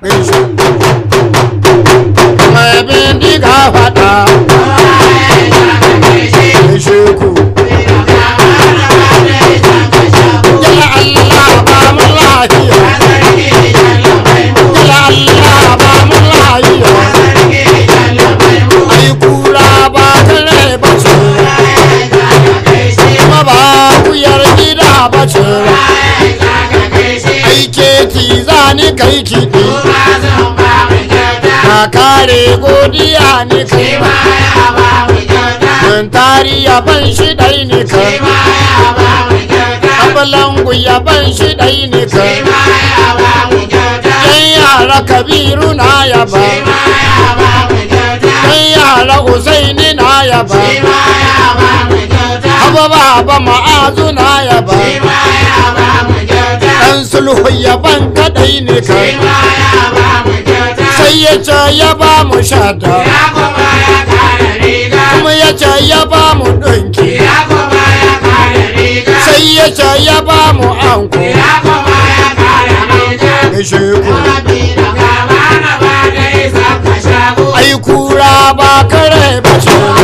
Beijo. ka kare godiya ne ka shi ma ya ba mu kyauta dan tari ya ban shi dai ne ka shi ma ya ba mu kyauta abalangu ya ban shi dai ne ka shi ma ya ba mu kyauta dan yara kabiru na ya ba shi ma ya ba mu kyauta dan yara usaini na ya ba shi ma ya ba mu kyauta haba baba ma'azu na ya ba shi ma ya ba mu kyauta dan sulhu ya ban ka dai ne ka shi ma ya ba ya ce ya ba mu shata ya kuma ya kare riga kuma ya ce ya ba mu ya kuma ya kare riga sai ya ce ya ba mu anko ya kuma ya kare riga da kura ba kare ba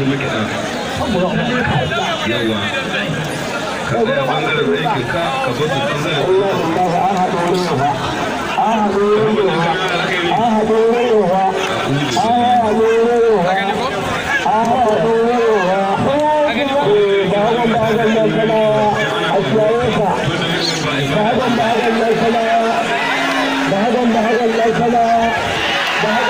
ta muke لا فلا بهذا بهذا لا فلا بهذا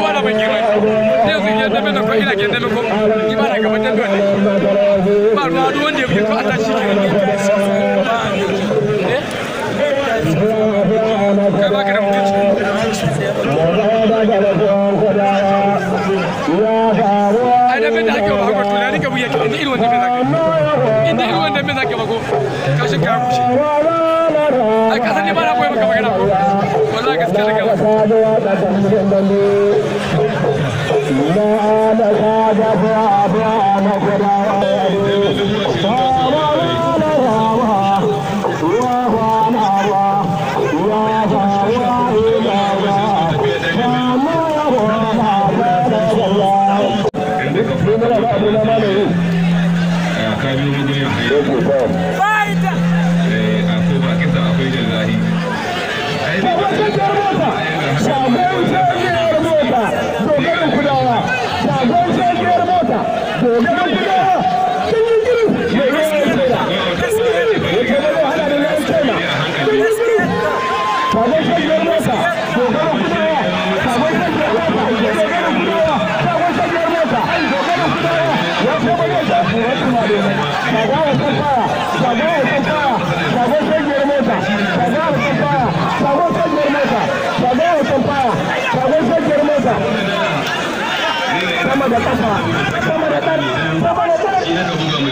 ai ka san ne ba na koyi maka magana wallahi gaskiya da gaba لا أنا قاعد أبغى أبغى أنا قاعد da kafa sama da kan sama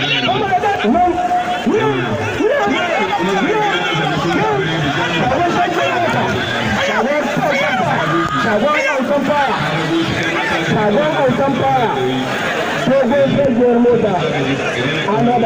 da mota, ana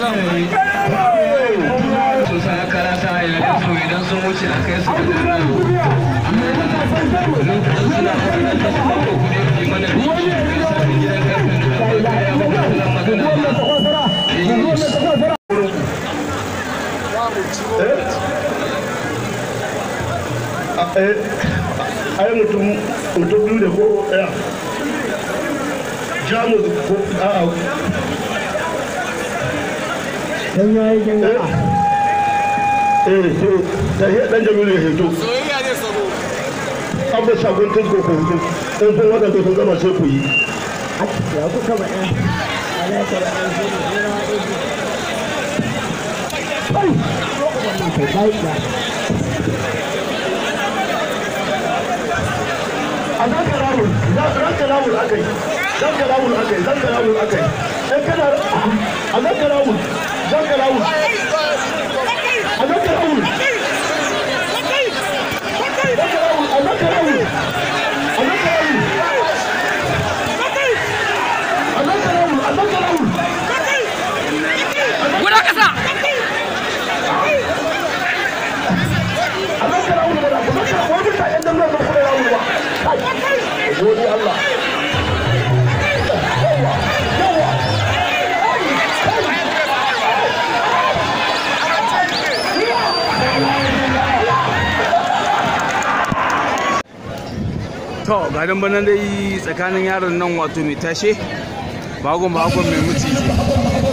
salam idan a kai su ai mutum da ko ɗaya jamus ko a'a dan ya yi jan gaba eh to da ya dan jamilu ya hito soyayya yi ya ku rawul zaka rawul akai zaka rawul akai zaka Alhaji Raul. Alhaji to ga dan bana dai tsakanin yaron nan wato mai tashe bagon bakon mai mutunci